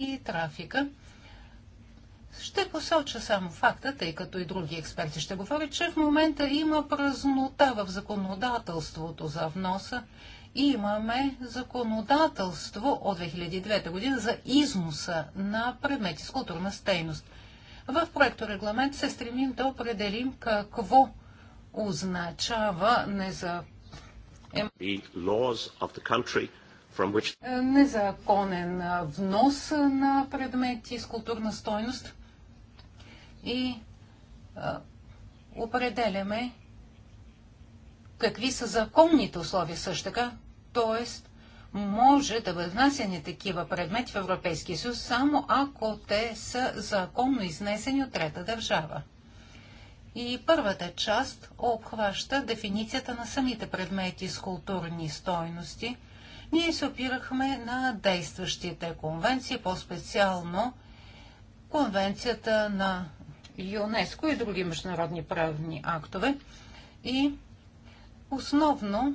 и трафика. Ще посоча само факта, тъй като и други експерти ще говорят, че в момента има празнота в законодателството за вноса и имаме законодателство от 2009 година за износа на предмети с културна стейност. В проекто регламент се стремим да определим какво означава не незаконно which... Е, незаконен внос на предмети с културна стойност и определяме какви са законните условия също така, т.е. може да бъдат внасяни такива предмети в Европейския съюз, само ако те са законно изнесени от трета държава. И първата част обхваща дефиницията на самите предмети с културни стойности – ние се опирахме на действащите конвенции, по-специално конвенцията на ЮНЕСКО и други международни правни актове. И основно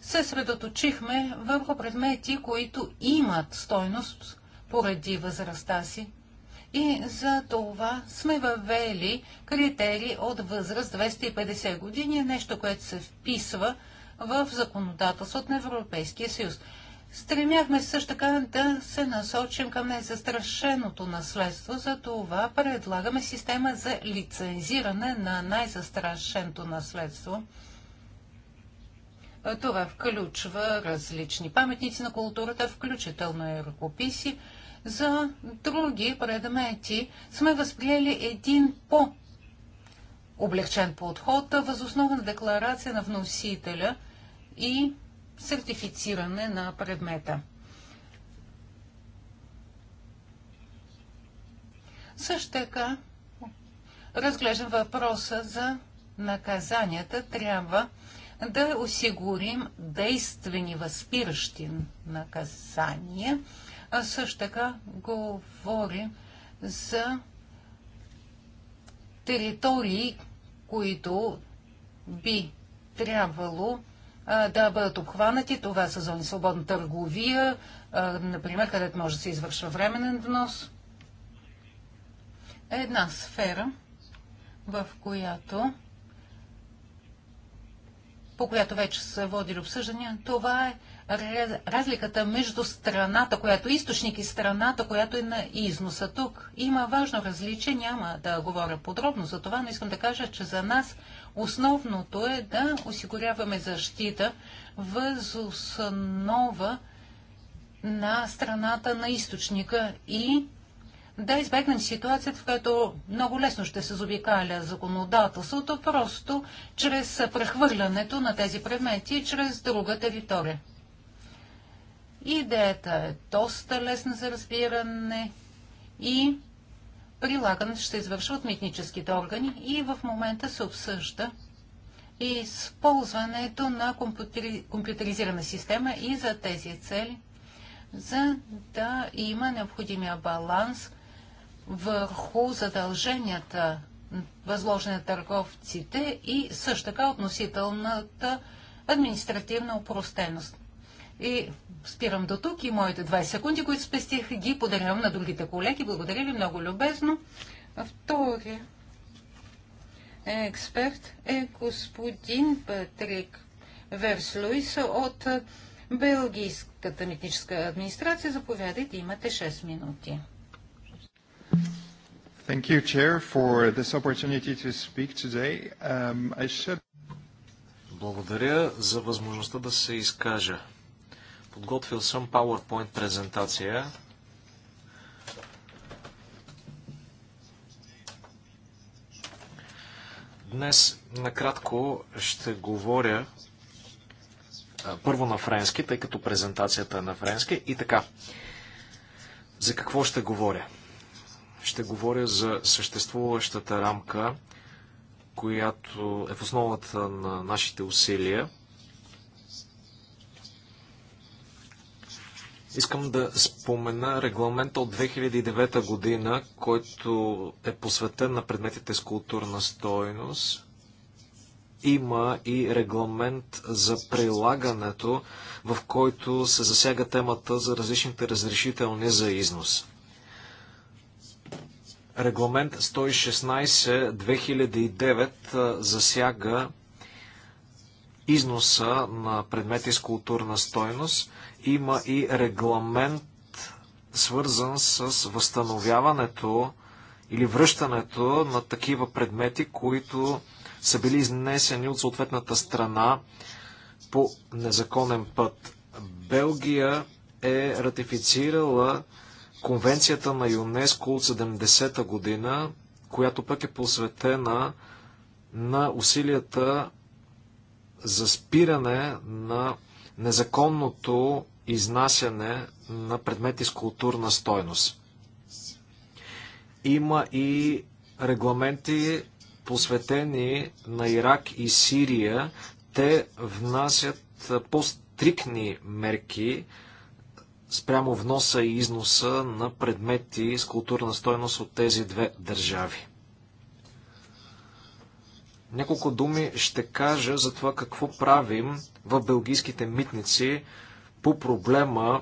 се средоточихме върху предмети, които имат стойност поради възрастта си. И за това сме въвели критерии от възраст 250 години, нещо, което се вписва в законодателството на Европейския съюз. Стремяхме също така да се насочим към най-застрашеното наследство, за това предлагаме система за лицензиране на най-застрашеното наследство. Това включва различни паметници на културата, включително и ръкописи. За други предмети сме възприели един по облегчен подход, възоснова на декларация на вносителя и сертифициране на предмета. Също така разглеждам въпроса за наказанията. Трябва да осигурим действени възпиращи наказания. А също така говорим за територии, които би трябвало да бъдат обхванати. Това са зони свободна търговия, например, където може да се извършва временен внос. една сфера, в която по която вече са водили обсъждания, това е разликата между страната, която е източник и страната, която е на износа. Тук има важно различие, няма да говоря подробно за това, но искам да кажа, че за нас – Основното е да осигуряваме защита въз основа на страната на източника и да избегнем ситуацията, в която много лесно ще се заобикаля законодателството, просто чрез прехвърлянето на тези предмети чрез друга територия. Идеята е доста лесна за разбиране и прилагането ще извършва от митническите органи и в момента се обсъжда и използването на компютри... система и за тези цели, за да има необходимия баланс върху задълженията възложени на търговците и също така относителната административна упростеност. И спирам до тук и моите 20 секунди, които спестих, ги подарявам на другите колеги. Благодаря ви много любезно. Втори експерт е господин Патрик Верс Луис от Белгийската митническа администрация. Заповядайте, имате 6 минути. Thank you, Chair, for this opportunity to speak today. Um, I should... Благодаря за възможността да се изкажа Подготвил съм PowerPoint презентация. Днес накратко ще говоря първо на френски, тъй като презентацията е на френски. И така, за какво ще говоря? Ще говоря за съществуващата рамка, която е в основата на нашите усилия Искам да спомена регламента от 2009 година, който е посветен на предметите с културна стойност. Има и регламент за прилагането, в който се засяга темата за различните разрешителни за износ. Регламент 116-2009 засяга износа на предмети с културна стойност. Има и регламент, свързан с възстановяването или връщането на такива предмети, които са били изнесени от съответната страна по незаконен път. Белгия е ратифицирала конвенцията на ЮНЕСКО от 70-та година, която пък е посветена на усилията за спиране на незаконното изнасяне на предмети с културна стойност. Има и регламенти посветени на Ирак и Сирия. Те внасят по-стрикни мерки спрямо вноса и износа на предмети с културна стойност от тези две държави. Няколко думи ще кажа за това какво правим в белгийските митници по проблема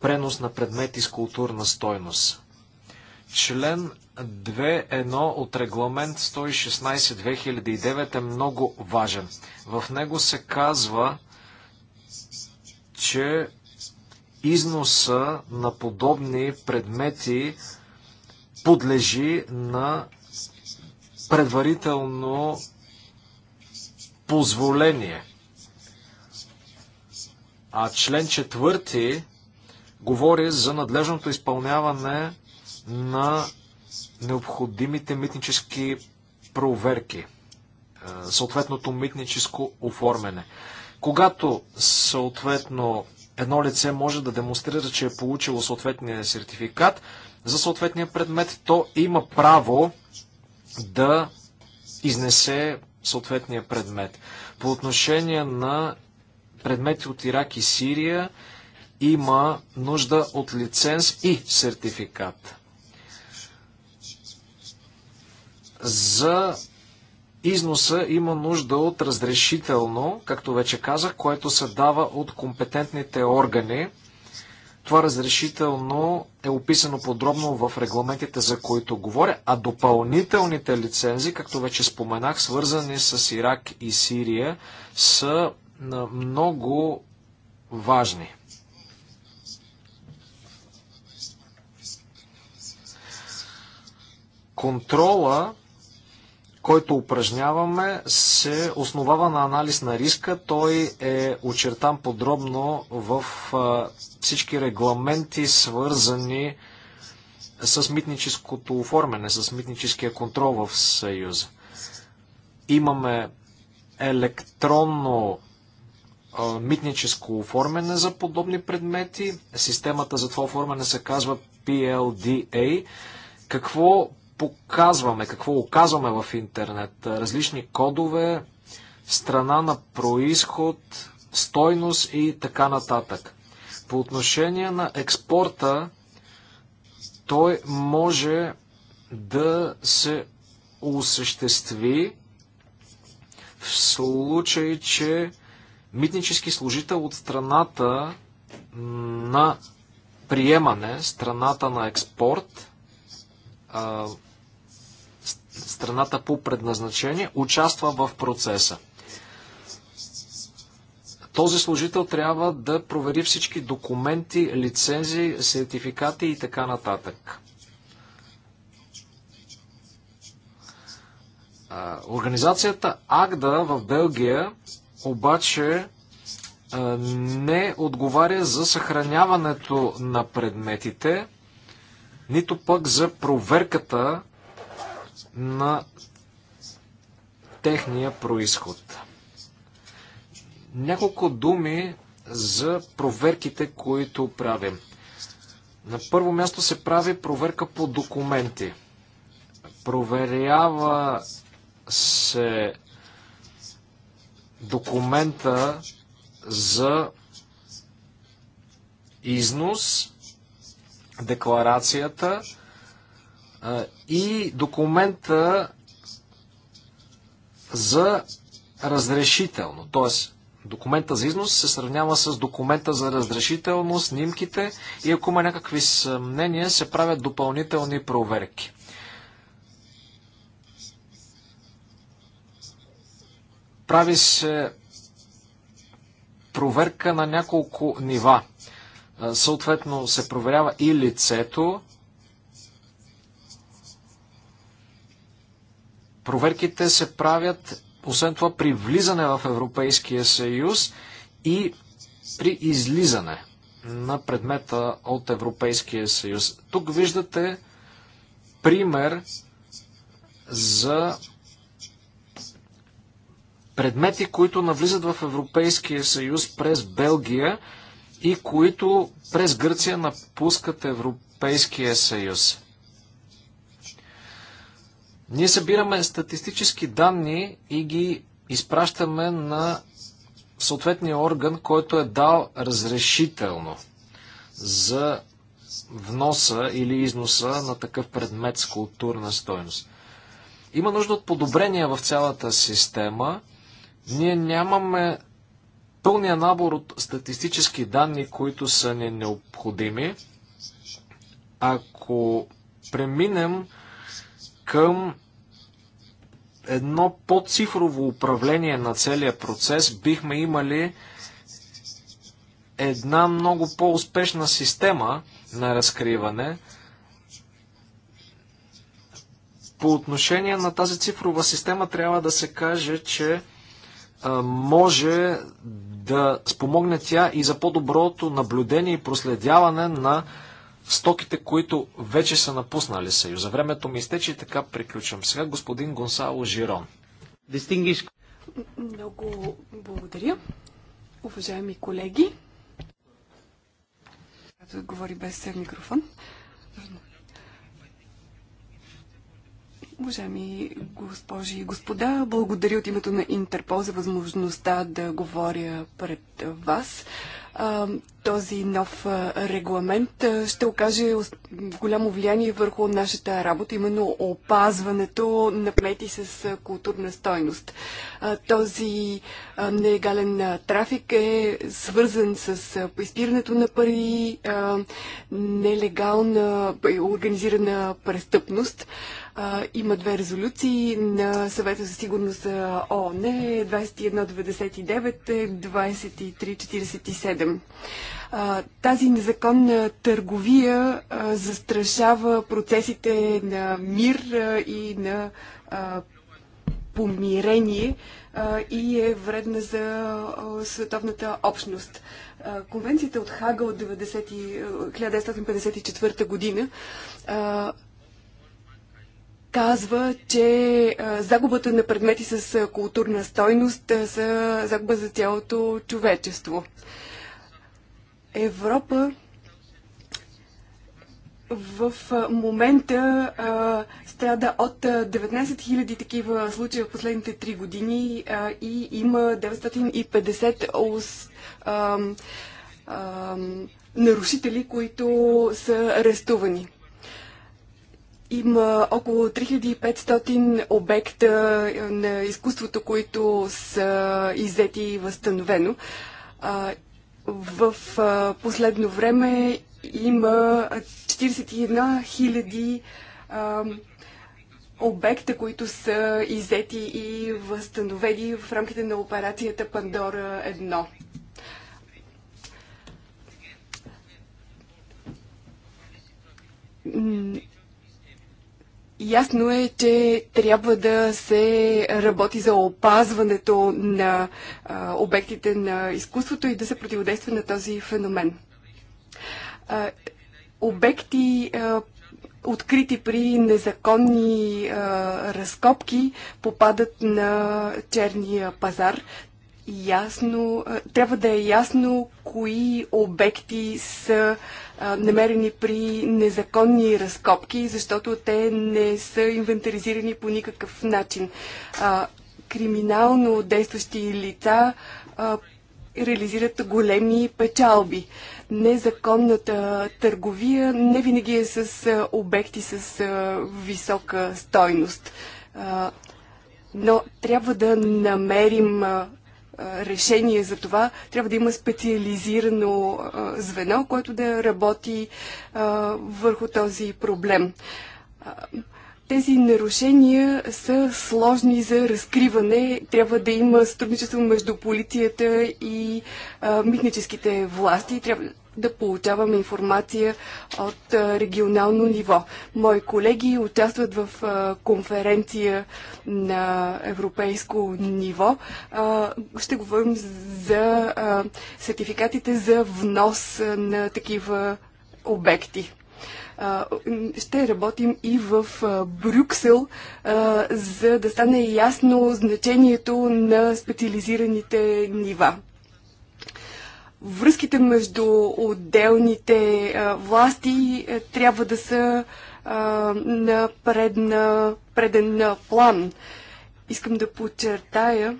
пренос на предмети с културна стойност. Член 2.1 от регламент 116-2009 е много важен. В него се казва, че износа на подобни предмети подлежи на предварително позволение. А член четвърти говори за надлежното изпълняване на необходимите митнически проверки, е, съответното митническо оформяне. Когато съответно едно лице може да демонстрира, че е получило съответния сертификат за съответния предмет, то има право да изнесе съответния предмет. По отношение на предмети от Ирак и Сирия има нужда от лиценз и сертификат. За износа има нужда от разрешително, както вече казах, което се дава от компетентните органи това разрешително е описано подробно в регламентите, за които говоря, а допълнителните лицензи, както вече споменах, свързани с Ирак и Сирия, са много важни. Контрола който упражняваме, се основава на анализ на риска. Той е очертан подробно в всички регламенти, свързани с митническото оформяне, с митническия контрол в Съюза. Имаме електронно митническо оформяне за подобни предмети. Системата за това оформяне се казва PLDA. Какво показваме, какво оказваме в интернет. Различни кодове, страна на происход, стойност и така нататък. По отношение на експорта, той може да се осъществи в случай, че митнически служител от страната на приемане, страната на експорт, страната по предназначение участва в процеса. Този служител трябва да провери всички документи, лицензи, сертификати и така нататък. Организацията АГДА в Белгия обаче не отговаря за съхраняването на предметите нито пък за проверката на техния происход. Няколко думи за проверките, които правим. На първо място се прави проверка по документи. Проверява се документа за износ декларацията и документа за разрешително. Т.е. документа за износ се сравнява с документа за разрешително, снимките и ако има някакви съмнения, се правят допълнителни проверки. Прави се проверка на няколко нива Съответно се проверява и лицето. Проверките се правят, освен това, при влизане в Европейския съюз и при излизане на предмета от Европейския съюз. Тук виждате пример за предмети, които навлизат в Европейския съюз през Белгия и които през Гърция напускат Европейския съюз. Ние събираме статистически данни и ги изпращаме на съответния орган, който е дал разрешително за вноса или износа на такъв предмет с културна стойност. Има нужда от подобрения в цялата система. Ние нямаме пълния набор от статистически данни, които са ни необходими, ако преминем към едно по-цифрово управление на целия процес, бихме имали една много по-успешна система на разкриване. По отношение на тази цифрова система трябва да се каже, че може да спомогне тя и за по-доброто наблюдение и проследяване на стоките, които вече са напуснали Съюза. Времето ми изтече и така приключвам. Сега господин Гонсало Жирон. Много благодаря. Уважаеми колеги, говори без микрофон. Уважаеми госпожи и господа, благодаря от името на Интерпол за възможността да говоря пред вас. Този нов регламент ще окаже голямо влияние върху нашата работа, именно опазването на плети с културна стойност. Този нелегален трафик е свързан с поизпирането на пари, нелегална организирана престъпност. А, има две резолюции на съвета за сигурност за ООН 2199-2347. Тази незаконна търговия а, застрашава процесите на мир а, и на а, помирение и е вредна за световната общност. Конвенцията от Хага от 90, 1954 година казва, че загубата на предмети с културна стойност са загуба за цялото човечество. Европа в момента а, страда от 19 000 такива случая в последните 3 години а, и има 950 ос, а, а, нарушители, които са арестувани. Има около 3500 обекта е, на изкуството, които са иззети и възстановено. В последно време има 41 000 обекта, които са иззети и възстановени в рамките на операцията Пандора 1. Ясно е, че трябва да се работи за опазването на а, обектите на изкуството и да се противодейства на този феномен. А, обекти, а, открити при незаконни а, разкопки, попадат на черния пазар. Ясно, а, трябва да е ясно кои обекти са а, намерени при незаконни разкопки, защото те не са инвентаризирани по никакъв начин. Криминално действащи лица реализират големи печалби. Незаконната търговия не винаги е с обекти с висока стойност но трябва да намерим решение за това, трябва да има специализирано звено, което да работи върху този проблем. Тези нарушения са сложни за разкриване. Трябва да има сътрудничество между полицията и а, митническите власти. Трябва, да получаваме информация от регионално ниво. Мои колеги участват в конференция на европейско ниво. Ще говорим за сертификатите за внос на такива обекти ще работим и в Брюксел, за да стане ясно значението на специализираните нива връзките между отделните а, власти а, е, трябва да са а, на предна, преден план. Искам да подчертая,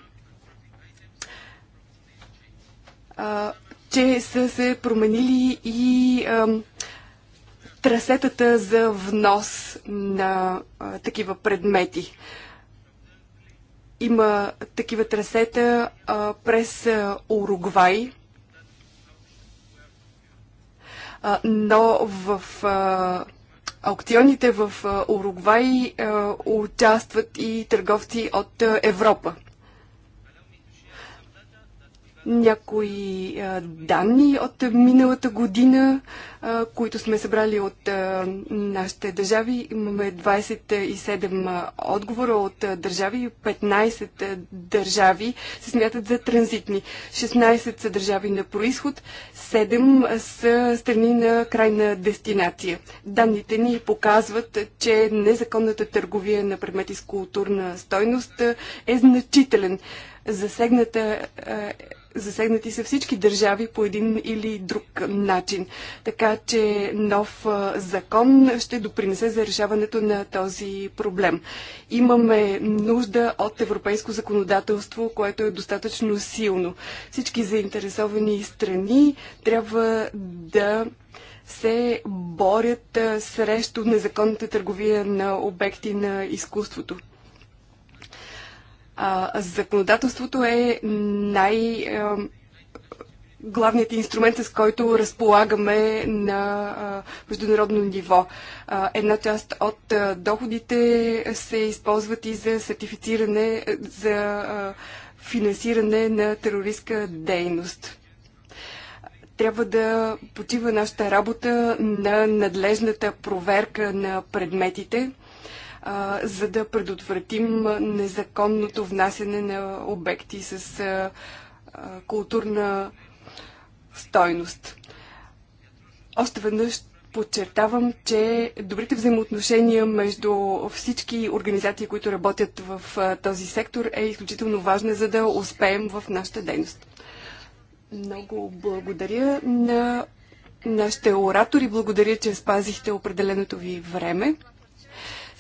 а, че са се променили и а, трасетата за внос на а, такива предмети. Има такива трасета а, през а, Уругвай, но в аукционите в Уругвай участват и търговци от Европа някои данни от миналата година, които сме събрали от нашите държави. Имаме 27 отговора от държави, 15 държави се смятат за транзитни, 16 са държави на происход, 7 са страни на крайна дестинация. Данните ни показват, че незаконната търговия на предмети с културна стойност е значителен. Засегната Засегнати са всички държави по един или друг начин. Така че нов закон ще допринесе за решаването на този проблем. Имаме нужда от европейско законодателство, което е достатъчно силно. Всички заинтересовани страни трябва да се борят срещу незаконната търговия на обекти на изкуството. А, законодателството е най- главният инструмент, с който разполагаме на а, международно ниво. А, една част от а, доходите се използват и за сертифициране, за финансиране на терористска дейност. Трябва да почива нашата работа на надлежната проверка на предметите, а, за да предотвратим незаконното внасяне на обекти с а, а, културна стойност. Още веднъж подчертавам, че добрите взаимоотношения между всички организации, които работят в този сектор, е изключително важна, за да успеем в нашата дейност. Много благодаря на нашите оратори. Благодаря, че спазихте определеното ви време.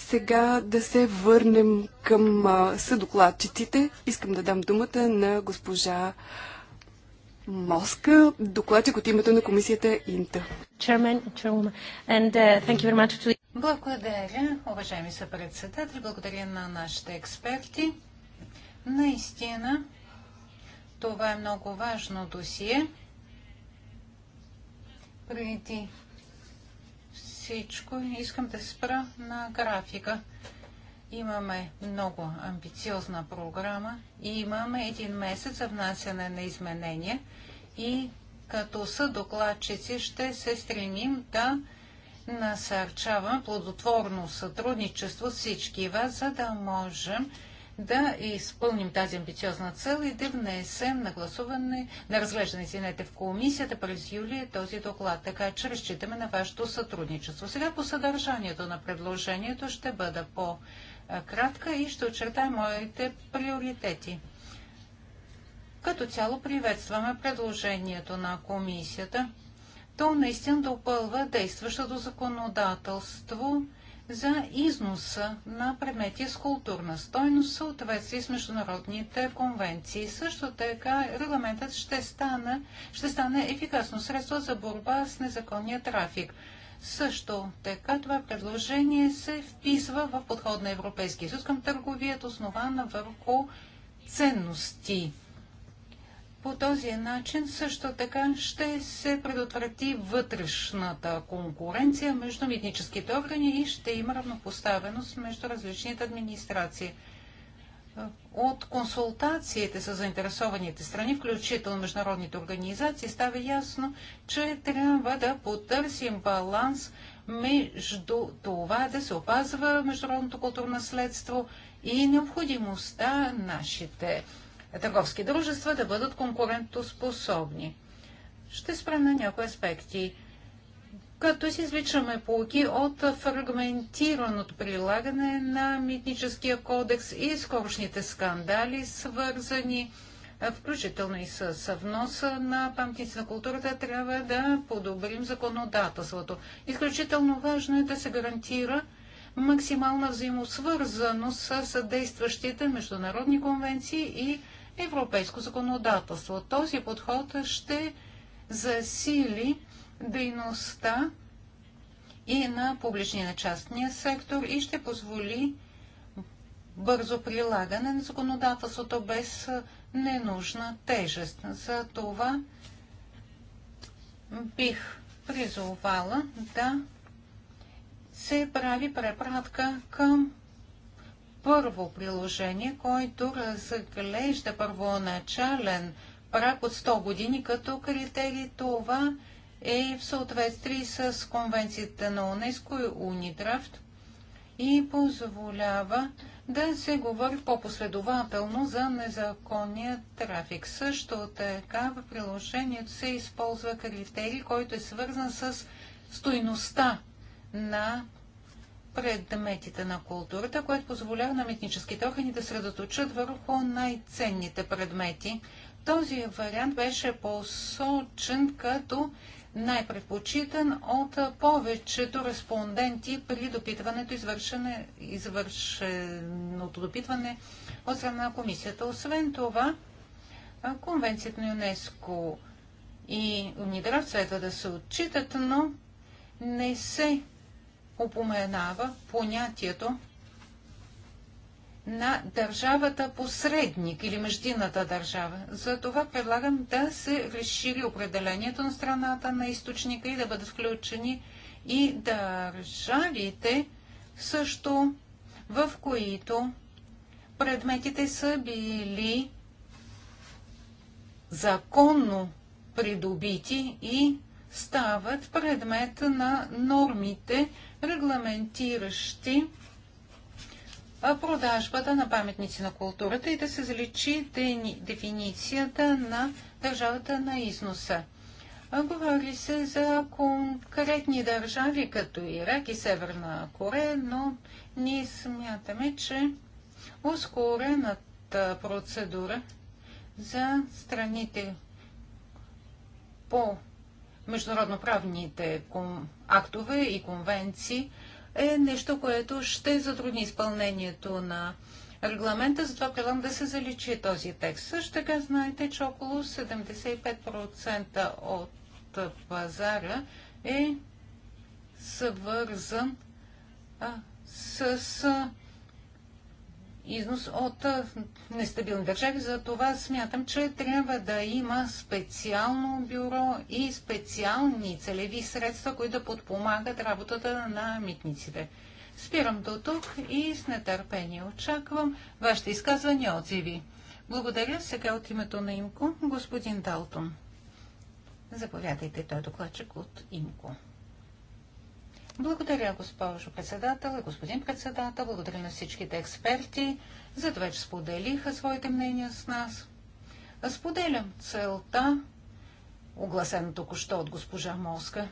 Сега да се върнем към съдокладчиците. Искам да дам думата на госпожа Моска, докладчик от името на комисията Инта. Uh, благодаря, уважаеми съпредседатели, благодаря на нашите експерти. Наистина, това е много важно досие. Преди всичко искам да спра на графика. Имаме много амбициозна програма и имаме един месец за внасяне на изменения и като докладчици, ще се стремим да насърчаваме плодотворно сътрудничество с всички вас, за да можем да изпълним тази амбициозна цел и да внесем на гласуване, на разглеждане, извинете, в комисията през юли този доклад. Така че разчитаме на вашето сътрудничество. Сега по съдържанието на предложението ще бъда по-кратка и ще очертая моите приоритети. Като цяло приветстваме предложението на комисията. То наистина допълва действащото законодателство – за износа на предмети с културна стойност в съответствие с международните конвенции. Също така регламентът ще стане, ще стане ефикасно средство за борба с незаконния трафик. Също така това предложение се вписва в подход на Европейския съюз към търговията, основана върху ценности. По този начин също така ще се предотврати вътрешната конкуренция между митническите органи и ще има равнопоставеност между различните администрации. От консултациите с заинтересованите страни, включително международните организации, става ясно, че трябва да потърсим баланс между това да се опазва международното културно наследство и необходимостта нашите търговски дружества да бъдат конкурентоспособни. Ще спрем на някои аспекти. Като си извличаме полки от фрагментираното прилагане на митническия кодекс и скорошните скандали, свързани включително и с вноса на паметници на културата, трябва да подобрим законодателството. Изключително важно е да се гарантира максимална взаимосвързаност с действащите международни конвенции и европейско законодателство. Този подход ще засили дейността и на публичния на частния сектор и ще позволи бързо прилагане на законодателството без ненужна тежест. За това бих призовала да се прави препратка към първо приложение, който разглежда първоначален прак от 100 години като критерий. Това е в съответствие с конвенцията на ОНЕСКО и УНИДРАФТ и позволява да се говори по-последователно за незаконния трафик. Също така в приложението се използва критерий, който е свързан с стойността на предметите на културата, което позволява на митническите органи да средоточат върху най-ценните предмети. Този вариант беше посочен като най-предпочитан от повечето респонденти при допитването, извършеното допитване от страна на комисията. Освен това, Конвенцията на ЮНЕСКО и Унидрав следва да се отчитат, но не се упоменава понятието на държавата посредник или междинната държава. Затова предлагам да се разшири определението на страната на източника и да бъдат включени и държавите също, в които предметите са били законно придобити и стават предмет на нормите, регламентиращи продажбата на паметници на културата и да се заличи дефиницията на държавата на износа. Говори се за конкретни държави, като Ирак и Северна Корея, но ние смятаме, че ускорената процедура за страните по международноправните актове и конвенции е нещо, което ще затрудни изпълнението на регламента, затова предлагам да се заличи този текст. Също така знаете, че около 75% от пазара е съвързан а, с а, износ от нестабилни държави. За това смятам, че трябва да има специално бюро и специални целеви средства, които да подпомагат работата на митниците. Спирам до тук и с нетърпение очаквам вашите изказвания отзиви. Благодаря сега от името на Имко, господин Далтон. Заповядайте, той е докладчик от Имко. Благодаря, госпожо председател и господин председател. Благодаря на всичките експерти за това, че споделиха своите мнения с нас. Споделям целта, огласена току-що от госпожа Моска.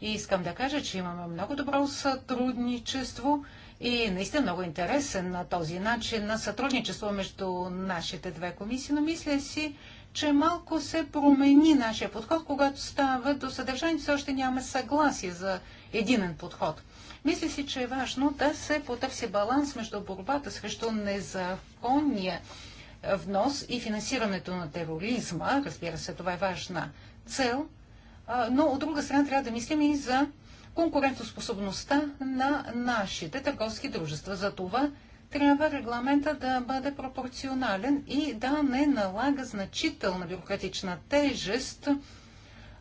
И искам да кажа, че имаме много добро сътрудничество и наистина много интересен на този начин на сътрудничество между нашите две комисии, но мисля си, че малко се промени нашия подход, когато става до съдържание, все още нямаме съгласие за единен подход. Мисля си, че е важно да се потърси баланс между борбата срещу незаконния внос и финансирането на тероризма. Разбира се, това е важна цел. Но от друга страна трябва да мислим и за конкурентоспособността на нашите търговски дружества. За това трябва регламента да бъде пропорционален и да не налага значителна бюрократична тежест,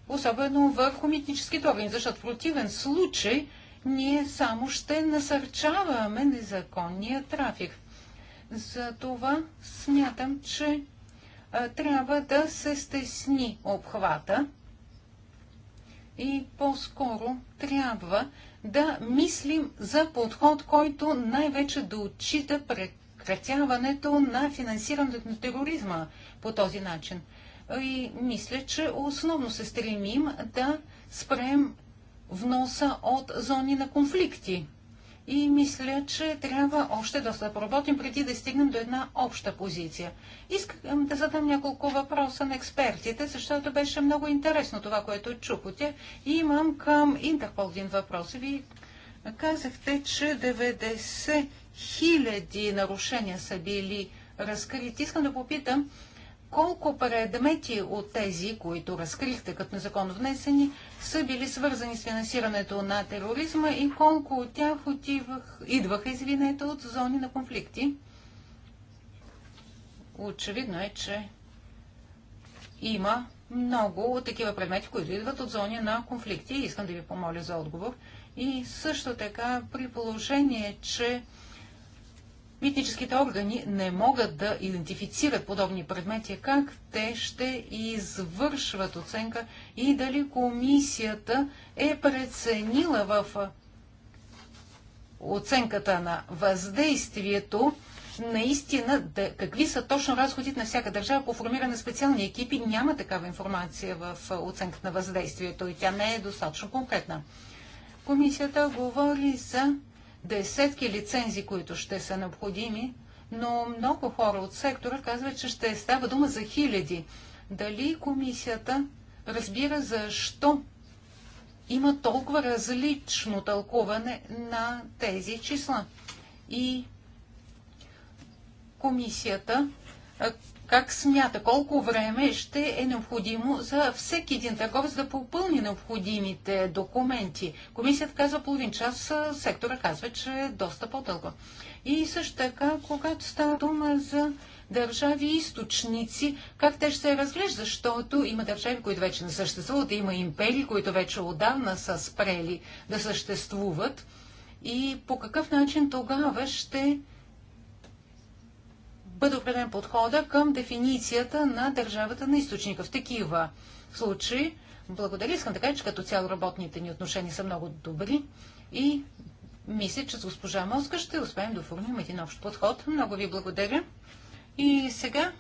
особено върху митническите органи, защото в противен случай ние само ще насърчаваме незаконния трафик. Затова смятам, че трябва да се стесни обхвата и по-скоро трябва да мислим за подход, който най-вече да отчита прекратяването на финансирането на тероризма по този начин. И мисля, че основно се стремим да спрем вноса от зони на конфликти. И мисля, че трябва още доста да поработим преди да стигнем до една обща позиция. Искам да задам няколко въпроса на експертите, защото беше много интересно това, което чух от тях. И имам към Интерпол един въпрос. ви. казахте, че 90 хиляди нарушения са били разкрити. Искам да попитам колко предмети от тези, които разкрихте като незаконно внесени, са били свързани с финансирането на тероризма и колко от тях отивах, идваха, извинете, от зони на конфликти? Очевидно е, че има много такива предмети, които идват от зони на конфликти. Искам да ви помоля за отговор. И също така, при положение, че митническите органи не могат да идентифицират подобни предмети, как те ще извършват оценка и дали комисията е преценила в оценката на въздействието наистина да, какви са точно разходите на всяка държава по формиране на специални екипи. Няма такава информация в оценката на въздействието и тя не е достатъчно конкретна. Комисията говори за десетки лицензи, които ще са необходими, но много хора от сектора казват, че ще става дума за хиляди. Дали комисията разбира защо има толкова различно тълкуване на тези числа? И комисията как смята, колко време ще е необходимо за всеки един търговец да попълни необходимите документи? Комисията казва половин час, сектора казва, че е доста по-дълго. И също така, когато става дума за държави източници, как те ще се разглеждат, защото има държави, които вече не съществуват, има империи, които вече отдавна са спрели да съществуват. И по какъв начин тогава ще бъде определен подхода към дефиницията на държавата на източника. В такива случаи, благодаря, искам да кажа, че като цяло работните ни отношения са много добри и мисля, че с госпожа Моска ще успеем да оформим един общ подход. Много ви благодаря. И сега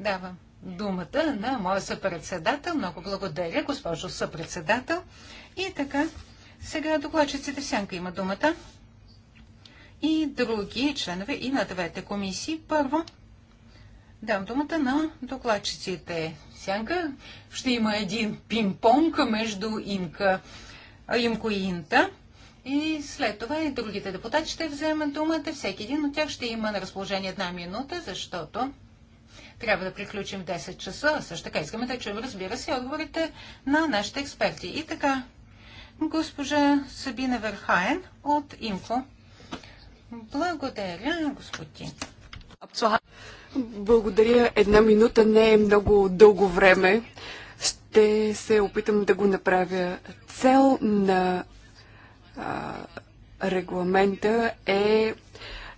давам думата на моя съпредседател. Много благодаря, госпожо съпредседател. И така, сега докладчиците сянка има думата и други членове и на двете комисии. Първо, дам думата на докладчиците. Сянка ще има един пинг-понг между имка, имко и инта. И след това и другите депутати ще вземат думата. Всеки един от тях ще има на разположение една минута, защото трябва да приключим 10 часа. Също така искаме да чуем, разбира се, отговорите на нашите експерти. И така, госпожа Сабина Верхаен от Инфо. Благодаря, господин. Благодаря. Една минута не е много дълго време. Ще се опитам да го направя. Цел на а, регламента е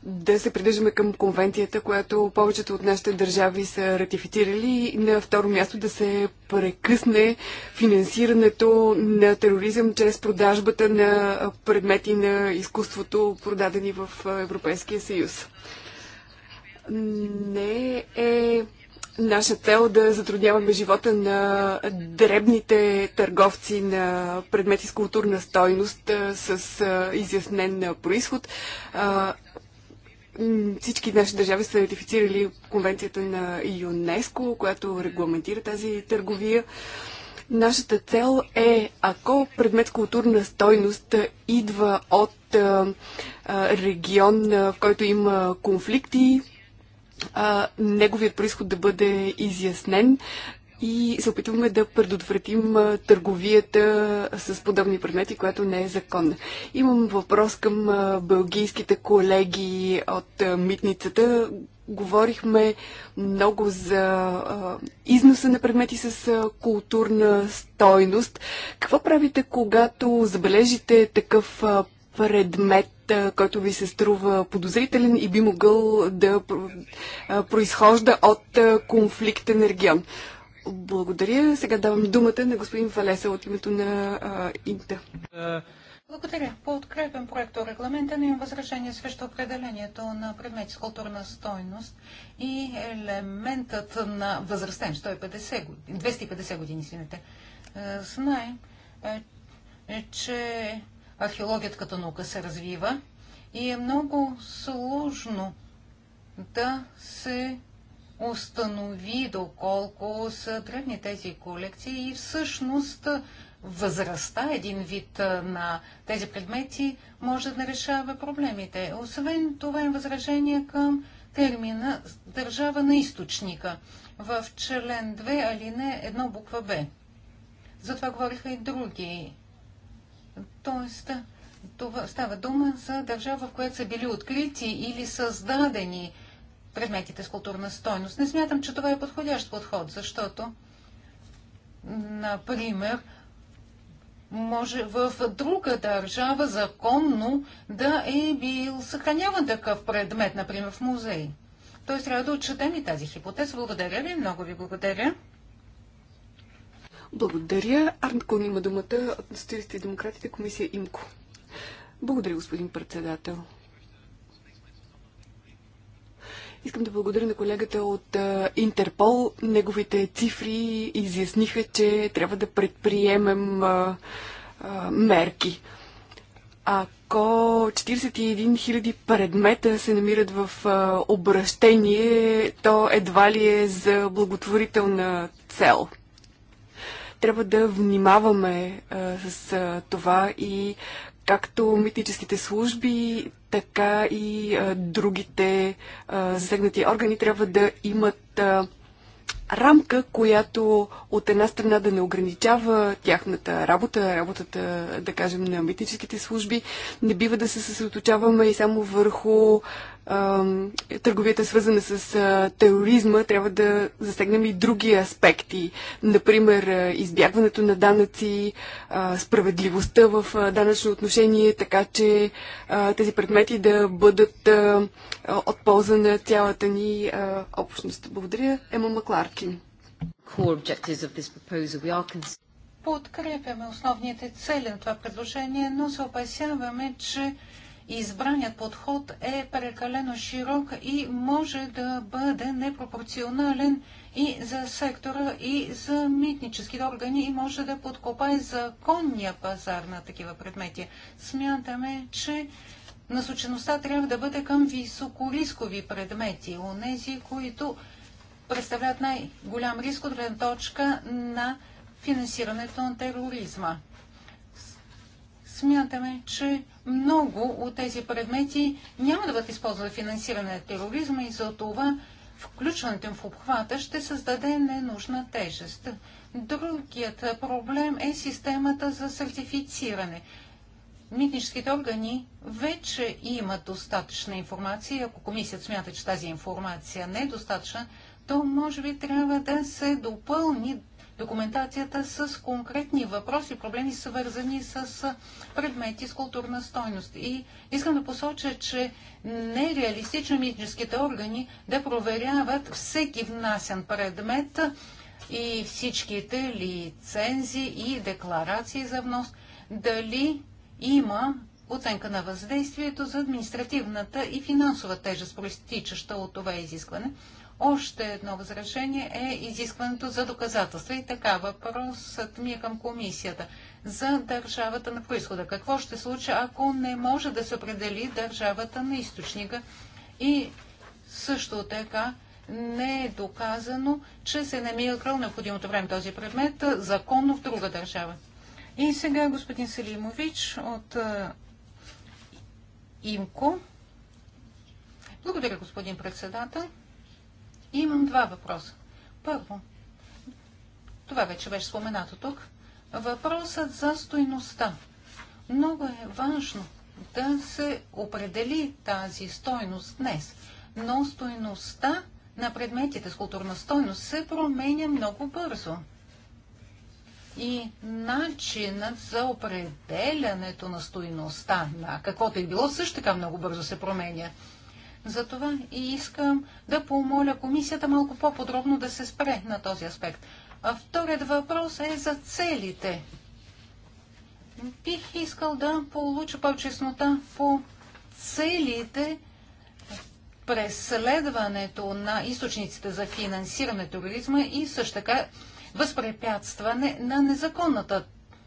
да се придържаме към конвенцията, която повечето от нашите държави са ратифицирали и на второ място да се прекъсне финансирането на тероризъм чрез продажбата на предмети на изкуството, продадени в Европейския съюз. Не е наша цел да затрудняваме живота на дребните търговци на предмети с културна стойност с изяснен происход, всички наши държави са ратифицирали конвенцията на ЮНЕСКО, която регламентира тази търговия. Нашата цел е, ако предмет културна стойност идва от а, регион, в който има конфликти, а, неговият происход да бъде изяснен и се опитваме да предотвратим търговията с подобни предмети, която не е законна. Имам въпрос към бългийските колеги от митницата. Говорихме много за износа на предмети с културна стойност. Какво правите, когато забележите такъв предмет, който ви се струва подозрителен и би могъл да произхожда от конфликтен регион. Благодаря. Сега давам думата на господин Валеса от името на а, Инта. Благодаря. Подкрепям проекто регламента, но имам възражение срещу определението на предмети с културна стойност и елементът на възрастен 150 години, 250 години, извинете. Е, знаем, е, че археологията като наука се развива и е много сложно да се установи доколко са древни тези колекции и всъщност възрастта, един вид на тези предмети, може да решава проблемите. Освен това е възражение към термина държава на източника в член 2 не едно буква Б. Затова говориха и други. Тоест, това става дума за държава, в която са били открити или създадени предметите с културна стойност. Не смятам, че това е подходящ подход, защото, например, може в друга държава законно да е бил съхраняван такъв предмет, например в музей. Тоест трябва да отчетем и тази хипотеза. Благодаря ви, много ви благодаря. Благодаря. Арнкон има думата от Социалистите и демократите, комисия ИМКО. Благодаря, господин председател. Искам да благодаря на колегата от Интерпол. Неговите цифри изясниха, че трябва да предприемем мерки. Ако 41 000 предмета се намират в обращение, то едва ли е за благотворителна цел трябва да внимаваме а, с а, това и както митническите служби, така и а, другите а, засегнати органи трябва да имат а, рамка, която от една страна да не ограничава тяхната работа, работата, да кажем, на митническите служби. Не бива да се съсредоточаваме и само върху търговията свързана с тероризма, трябва да засегнем и други аспекти. Например, избягването на данъци, справедливостта в данъчно отношение, така че тези предмети да бъдат от полза на цялата ни общност. Благодаря, Ема Макларкин. Подкрепяме основните цели на това предложение, но се опасяваме, че избраният подход е прекалено широк и може да бъде непропорционален и за сектора, и за митническите органи и може да подкопае законния пазар на такива предмети. Смятаме, че насочеността трябва да бъде към високорискови предмети, онези, които представляват най-голям риск от гледна точка на финансирането на тероризма. Смятаме, че много от тези предмети няма да бъдат използвани финансиране на тероризма и за това включването им в обхвата ще създаде ненужна тежест. Другият проблем е системата за сертифициране. Митническите органи вече имат достатъчна информация. Ако комисията смята, че тази информация не е достатъчна, то може би трябва да се допълни документацията с конкретни въпроси, проблеми свързани с предмети с културна стойност. И искам да посоча, че не е реалистично митническите органи да проверяват всеки внасян предмет и всичките лицензи и декларации за внос, дали има оценка на въздействието за административната и финансова тежест, проистичаща от това изискване. Още едно възражение е изискването за доказателства. И така, въпросът ми е към комисията за държавата на происхода. Какво ще случи, ако не може да се определи държавата на източника и също така не е доказано, че се е намира необходимото време този предмет законно в друга държава. И сега господин Селимович от ИМКО. Благодаря, господин председател. И имам два въпроса. Първо, това вече беше споменато тук, въпросът за стойността. Много е важно да се определи тази стойност днес, но стойността на предметите с културна стойност се променя много бързо. И начинът за определянето на стойността на каквото е било също така много бързо се променя. Затова и искам да помоля комисията малко по-подробно да се спре на този аспект. А вторият въпрос е за целите. Бих искал да получа по-чеснота по целите, преследването на източниците за финансиране туризма и също така възпрепятстване на незаконната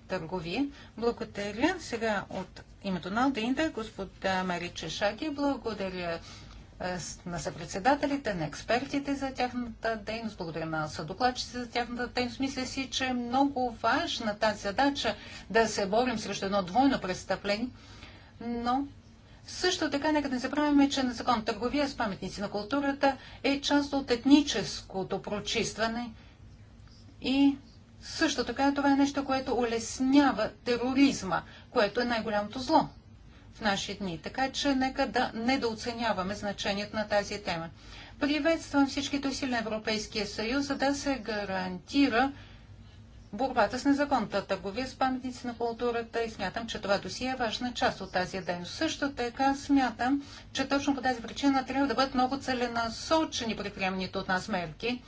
търговия. Благодаря. Сега от името на Алдинда, господа Марича Шаги. Благодаря на съпредседателите, на експертите за тяхната дейност, благодаря на съдокладчите за тяхната дейност. Мисля си, че е много важна тази задача да се борим срещу едно двойно престъпление, но също така нека да не забравяме, че закон търговия с паметници на културата е част от етническото прочистване и също така това е нещо, което улеснява тероризма, което е най-голямото зло в наши дни. Така че нека да недооценяваме значението на тази тема. Приветствам всичките усилия на Европейския съюз, за да се гарантира борбата с незаконната търговия с паметници на културата и смятам, че това досие е важна част от тази дейност. Също така смятам, че точно по тази причина трябва да бъдат много целенасочени предприемните от нас мерки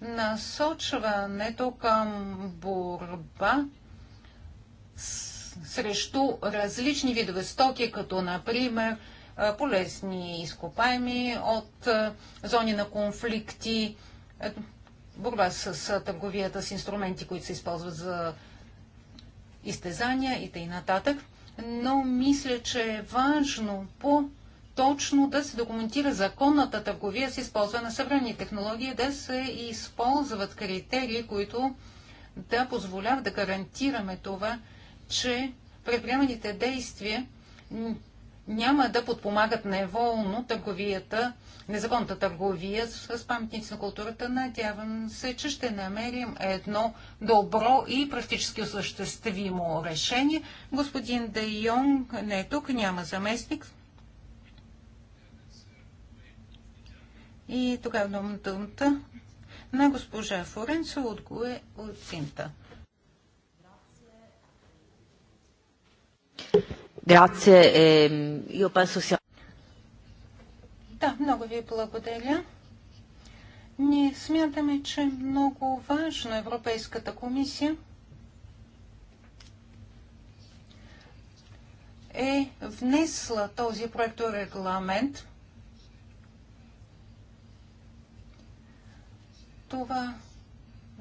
насочването към борба срещу различни видове стоки, като например полезни изкопаеми от зони на конфликти, борба с търговията с инструменти, които се използват за изтезания и т.н. Но мисля, че е важно по точно да се документира законната търговия с използване на съвременни технологии, да се използват критерии, които да позволяват да гарантираме това, че предприеманите действия няма да подпомагат неволно търговията, незаконната търговия с паметници на културата. Надявам се, че ще намерим едно добро и практически осъществимо решение. Господин Де Йонг не е тук, няма заместник. И тогава е дам думата на госпожа Форенцо от ГУЕ от Синта. Да, много ви благодаря. Ние смятаме, че е много важно Европейската комисия е внесла този проекторегламент регламент това,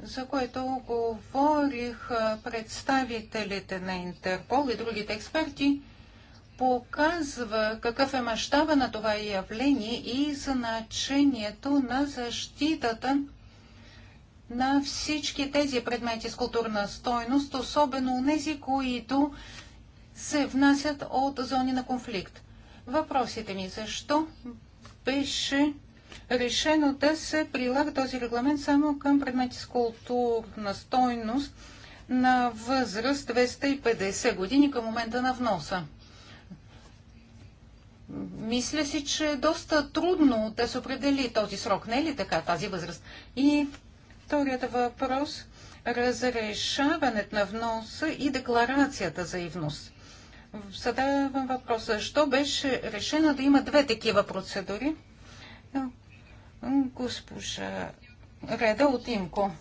за което говорих представителите на Интерпол и другите експерти, показва какъв е мащаба на това явление и значението на защитата на всички тези предмети с културна стойност, особено тези, които се внасят от зони на конфликт. Въпросите ми защо беше решено да се прилага този регламент само към предмети с културна стойност на възраст 250 години към момента на вноса. Мисля си, че е доста трудно да се определи този срок, не е ли така, тази възраст? И вторият въпрос – разрешаването на вноса и декларацията за и внос. Задавам въпроса – защо беше решено да има две такива процедури? Госпожа Реда от Имко.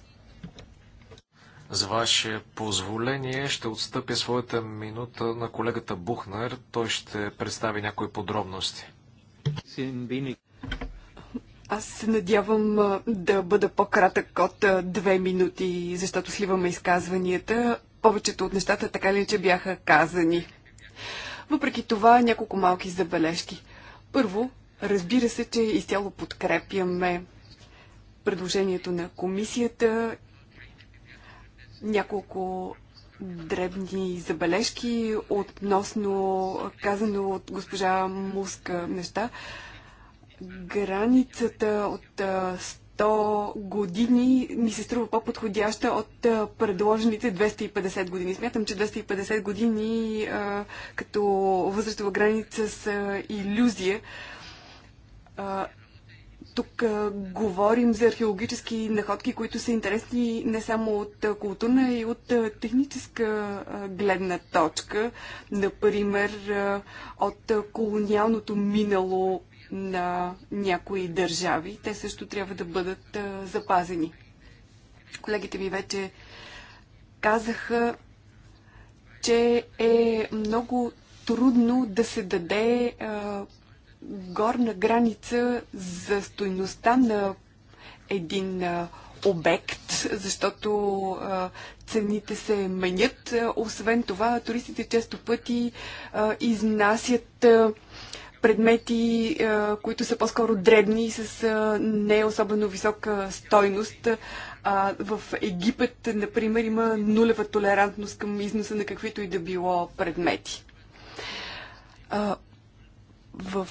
За ваше позволение ще отстъпя своята минута на колегата Бухнер. Той ще представи някои подробности. Аз се надявам да бъда по-кратък от две минути, защото сливаме изказванията. Повечето от нещата така ли, че бяха казани. Въпреки това, няколко малки забележки. Първо, Разбира се, че изцяло подкрепяме предложението на комисията. Няколко дребни забележки относно казано от госпожа Муска неща. Границата от 100 години ми се струва по-подходяща от предложените 250 години. Смятам, че 250 години като възрастова граница с иллюзия. А, тук а, говорим за археологически находки, които са интересни не само от а, културна и от а, техническа а, гледна точка. Например, а, от а, колониалното минало на някои държави. Те също трябва да бъдат а, запазени. Колегите ми вече казаха, че е много трудно да се даде а, горна граница за стойността на един обект, защото цените се менят. Освен това, туристите често пъти изнасят предмети, които са по-скоро дребни и с не особено висока стойност. в Египет, например, има нулева толерантност към износа на каквито и да било предмети. В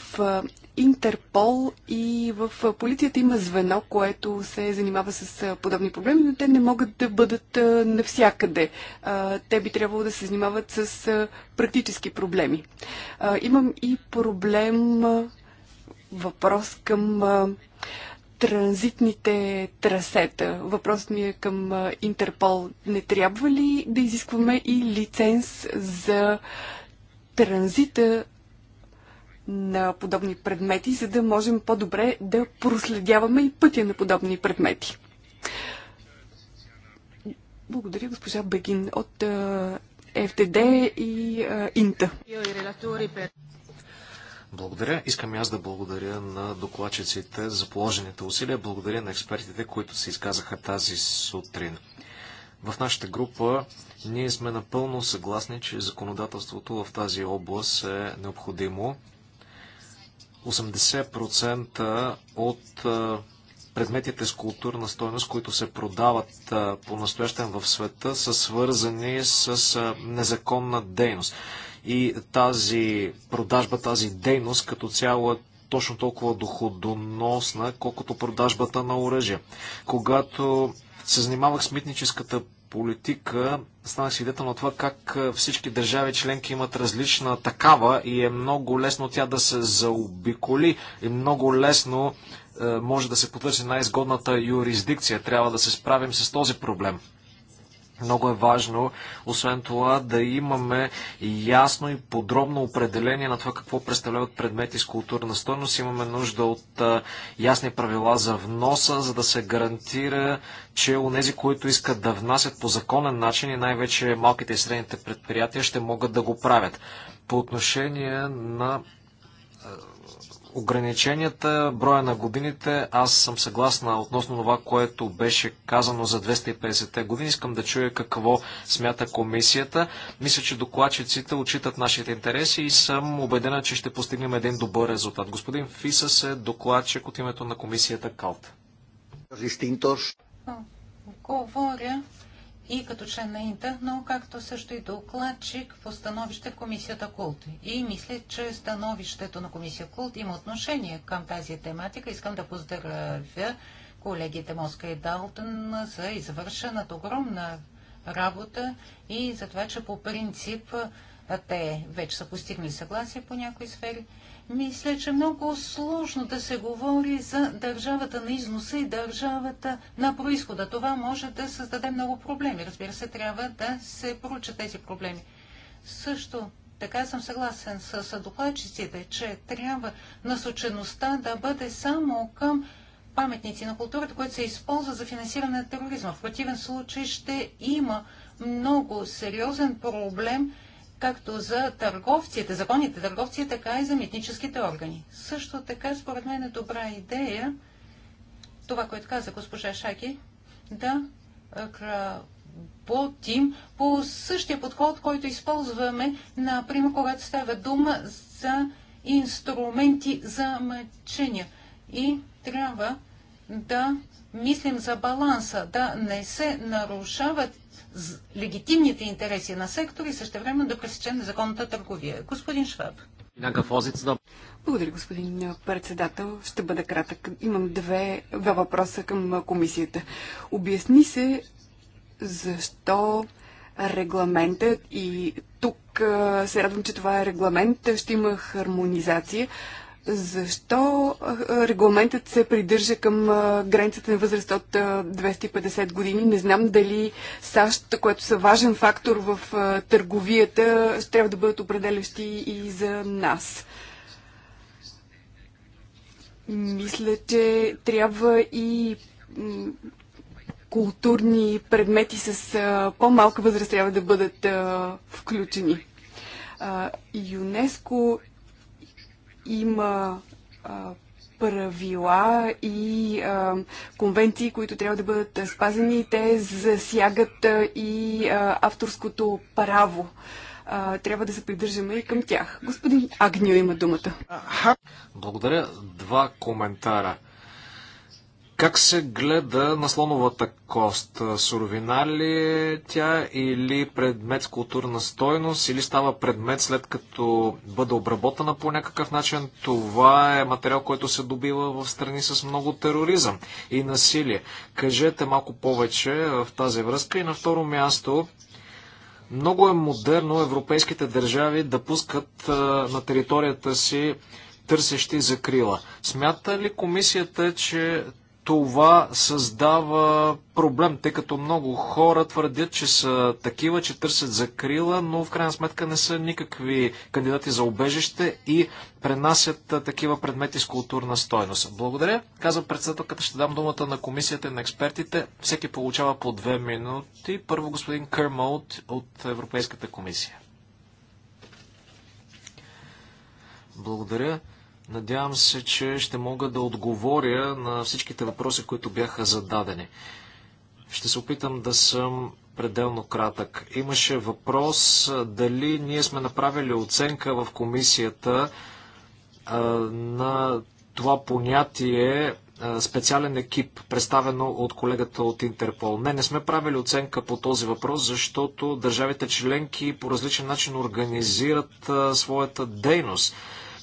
Интерпол и в полицията има звено, което се занимава с подобни проблеми, но те не могат да бъдат навсякъде. Те би трябвало да се занимават с практически проблеми. Имам и проблем, въпрос към транзитните трасета. Въпросът ми е към Интерпол. Не трябва ли да изискваме и лиценз за транзита на подобни предмети, за да можем по-добре да проследяваме и пътя на подобни предмети. Благодаря, госпожа Бегин от ФТД и Инта. Благодаря. Искам и аз да благодаря на докладчиците за положените усилия. Благодаря на експертите, които се изказаха тази сутрин. В нашата група ние сме напълно съгласни, че законодателството в тази област е необходимо. 80% от предметите с културна стойност, които се продават по-настоящен в света, са свързани с незаконна дейност. И тази продажба, тази дейност като цяло е точно толкова доходоносна, колкото продажбата на оръжие. Когато се занимавах с митническата политика, стана свидетел на това как всички държави членки имат различна такава и е много лесно тя да се заобиколи и много лесно е, може да се потърси най-изгодната юрисдикция. Трябва да се справим с този проблем. Много е важно, освен това, да имаме ясно и подробно определение на това какво представляват предмети с културна стойност. Имаме нужда от а, ясни правила за вноса, за да се гарантира, че нези, които искат да внасят по законен начин и най-вече малките и средните предприятия, ще могат да го правят. По отношение на ограниченията, броя на годините, аз съм съгласна относно това, което беше казано за 250-те години. Искам да чуя какво смята комисията. Мисля, че докладчиците отчитат нашите интереси и съм убедена, че ще постигнем един добър резултат. Господин Фисас е докладчик от името на комисията КАЛТ. Говоря и като член на Инта, но както също и докладчик по становище в комисията Култ. И мисля, че становището на комисия Култ има отношение към тази тематика. Искам да поздравя колегите Моска и Далтън за извършената огромна работа и за това, че по принцип те вече са постигнали съгласие по някои сфери. Мисля, че много сложно да се говори за държавата на износа и държавата на происхода. Това може да създаде много проблеми. Разбира се, трябва да се проучат тези проблеми. Също така съм съгласен с докладчиците, че трябва насочеността да бъде само към паметници на културата, които се използват за финансиране на тероризма. В противен случай ще има много сериозен проблем както за търговците, законните търговци, така и за митническите органи. Също така, според мен е добра идея това, което каза госпожа Шаки, да работим по същия подход, който използваме, например, когато става дума за инструменти за мъчения. И трябва да мислим за баланса, да не се нарушават легитимните интереси на сектора и също време да пресечем незаконната търговия. Господин Шваб. Благодаря, господин председател. Ще бъда кратък. Имам две, два въпроса към комисията. Обясни се защо регламентът и тук се радвам, че това е регламент, ще има хармонизация. Защо регламентът се придържа към границата на възраст от 250 години? Не знам дали САЩ, което са важен фактор в търговията, ще трябва да бъдат определящи и за нас. Мисля, че трябва и културни предмети с по-малка възраст трябва да бъдат включени. ЮНЕСКО има а, правила и а, конвенции, които трябва да бъдат спазени. Те засягат а, и а, авторското право. А, трябва да се придържаме и към тях. Господин Агнио има думата. Благодаря. Два коментара. Как се гледа на слоновата кост? Суровина ли е тя или предмет с културна стойност или става предмет след като бъде обработена по някакъв начин? Това е материал, който се добива в страни с много тероризъм и насилие. Кажете малко повече в тази връзка и на второ място много е модерно европейските държави да пускат на територията си търсещи закрила. Смята ли комисията, че това създава проблем, тъй като много хора твърдят, че са такива, че търсят закрила, но в крайна сметка не са никакви кандидати за обежище и пренасят такива предмети с културна стойност. Благодаря. Казва председателката, ще дам думата на комисията и на експертите. Всеки получава по две минути. Първо господин Кърмоут от Европейската комисия. Благодаря. Надявам се, че ще мога да отговоря на всичките въпроси, които бяха зададени. Ще се опитам да съм пределно кратък. Имаше въпрос дали ние сме направили оценка в комисията на това понятие специален екип, представено от колегата от Интерпол. Не, не сме правили оценка по този въпрос, защото държавите членки по различен начин организират своята дейност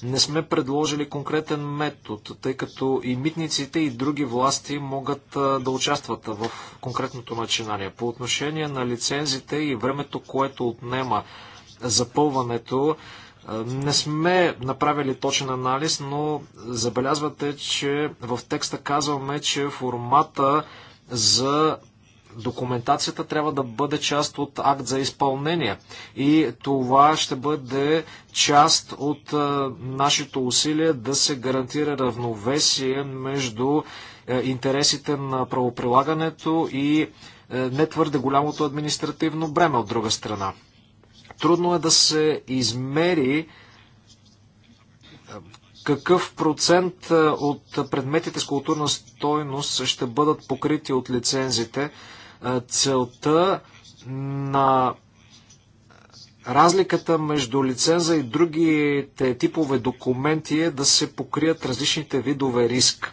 не сме предложили конкретен метод, тъй като и митниците и други власти могат да участват в конкретното начинание. По отношение на лицензите и времето, което отнема запълването, не сме направили точен анализ, но забелязвате, че в текста казваме, че формата за документацията трябва да бъде част от акт за изпълнение. И това ще бъде част от нашето усилие да се гарантира равновесие между е, интересите на правоприлагането и е, не твърде голямото административно бреме от друга страна. Трудно е да се измери е, какъв процент от предметите с културна стойност ще бъдат покрити от лицензите. Е, целта на разликата между лиценза и другите типове документи е да се покрият различните видове риск.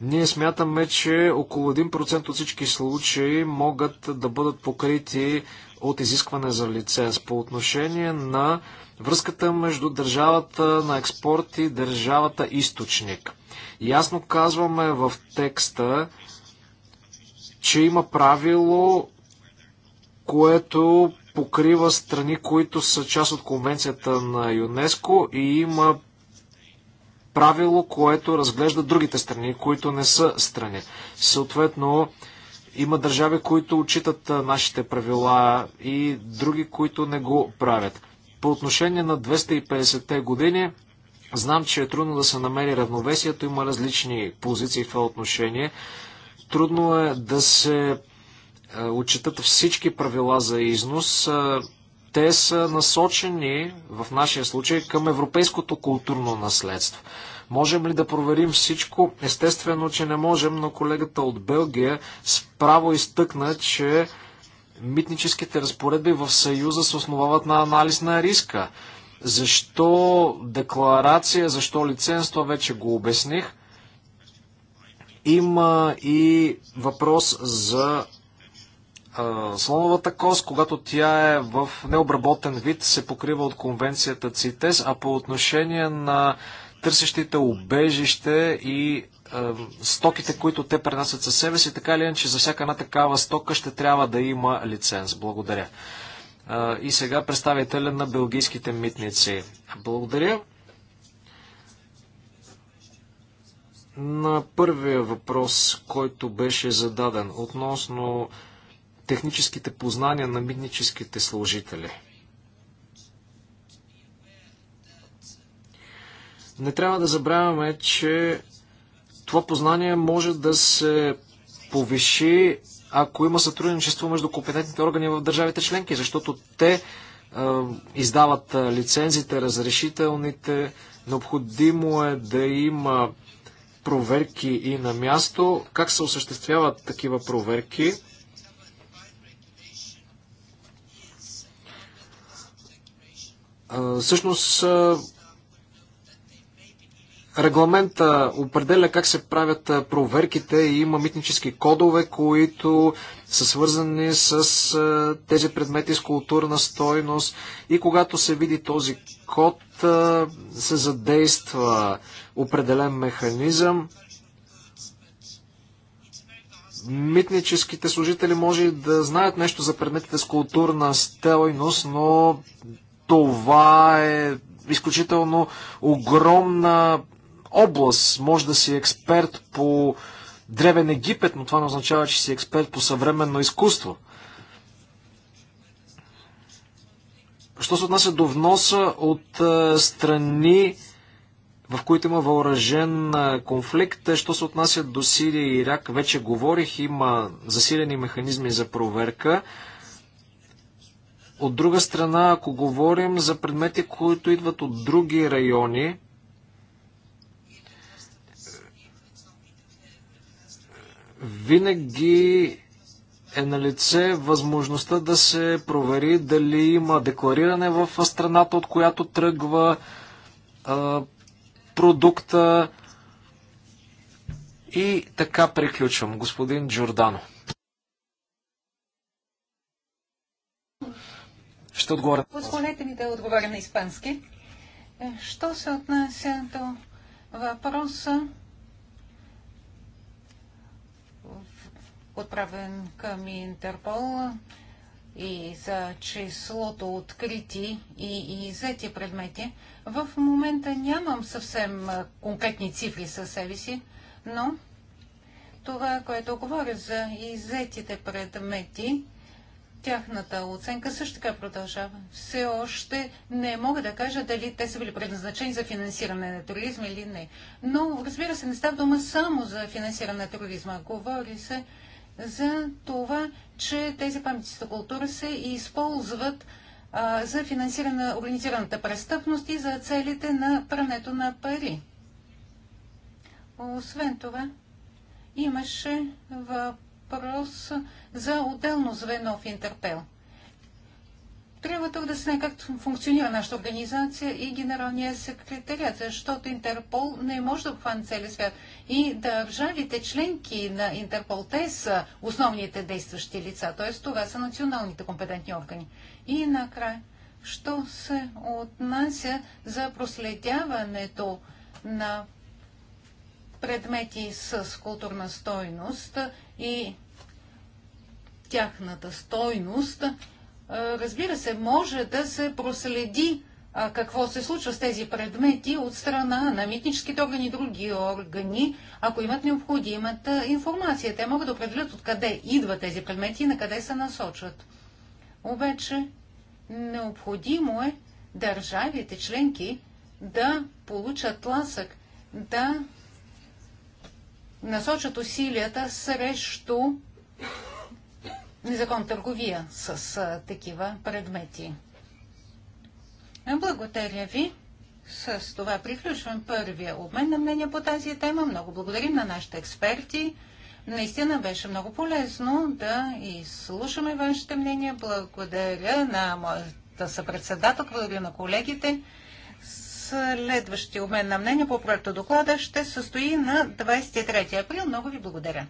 Ние смятаме, че около 1% от всички случаи могат да бъдат покрити от изискване за лиценз. По отношение на връзката между държавата на експорт и държавата източник. Ясно казваме в текста, че има правило, което покрива страни, които са част от конвенцията на ЮНЕСКО и има правило, което разглежда другите страни, които не са страни. Съответно, има държави, които отчитат нашите правила и други, които не го правят. По отношение на 250-те години, знам, че е трудно да се намери равновесието, има различни позиции в това отношение. Трудно е да се е, отчитат всички правила за износ. Е, те са насочени, в нашия случай, към европейското културно наследство. Можем ли да проверим всичко? Естествено, че не можем, но колегата от Белгия справо изтъкна, че митническите разпоредби в Съюза се основават на анализ на риска. Защо декларация, защо лиценство вече го обясних. Има и въпрос за слоновата кост, когато тя е в необработен вид, се покрива от конвенцията ЦИТЕС, а по отношение на търсещите обежище и а, стоките, които те пренасят със себе си, така или иначе за всяка една такава стока ще трябва да има лиценз. Благодаря. А, и сега представителя на белгийските митници. Благодаря. на първия въпрос, който беше зададен относно техническите познания на митническите служители. Не трябва да забравяме, че това познание може да се повиши, ако има сътрудничество между компетентните органи в държавите членки, защото те е, издават е, лицензите, разрешителните. Необходимо е да има проверки и на място. Как се осъществяват такива проверки? Всъщност, регламента определя как се правят проверките и има митнически кодове, които са свързани с тези предмети с културна стойност и когато се види този код, се задейства определен механизъм. Митническите служители може да знаят нещо за предметите с културна стойност, но това е изключително огромна област. Може да си експерт по Древен Египет, но това не означава, че си експерт по съвременно изкуство. Що се отнася до вноса от е, страни в които има въоръжен конфликт. Е, що се отнасят до Сирия и Ирак, вече говорих, има засилени механизми за проверка. От друга страна, ако говорим за предмети, които идват от други райони, винаги е на лице възможността да се провери дали има деклариране в страната, от която тръгва продукта. И така приключвам, господин Джордано. Ще отговоря. Позволете ми да отговоря на испански. Що се отнася до въпроса, отправен към Интерпол, и за числото открити и иззети предмети. В момента нямам съвсем конкретни цифри със себе си, но това, което говоря за иззетите предмети, тяхната оценка също така продължава. Все още не мога да кажа дали те са били предназначени за финансиране на туризма или не. Но, разбира се, не става дума само за финансиране на туризма. Говори се за това, че тези паметници за култура се използват а, за финансиране на организираната престъпност и за целите на прането на пари. Освен това, имаше въпрос за отделно звено в Интерпел – трябва тук да се знае как функционира нашата организация и генералния секретаря, защото Интерпол не може да обхване целия свят. И държавите членки на Интерпол, те са основните действащи лица, т.е. това са националните компетентни органи. И накрая, що се отнася за проследяването на предмети с културна стойност и тяхната стойност – разбира се, може да се проследи какво се случва с тези предмети от страна на митническите органи и други органи, ако имат необходимата информация. Те могат да определят откъде идват тези предмети и на къде се насочват. Обаче, необходимо е държавите членки да получат ласък, да насочат усилията срещу незаконна търговия с такива предмети. Благодаря ви. С това приключвам първия обмен на мнение по тази тема. Много благодарим на нашите експерти. Наистина беше много полезно да изслушаме вашите мнения. Благодаря на моята съпредседател, благодаря на колегите. Следващия обмен на мнение по проекта доклада ще състои на 23 април. Много ви благодаря.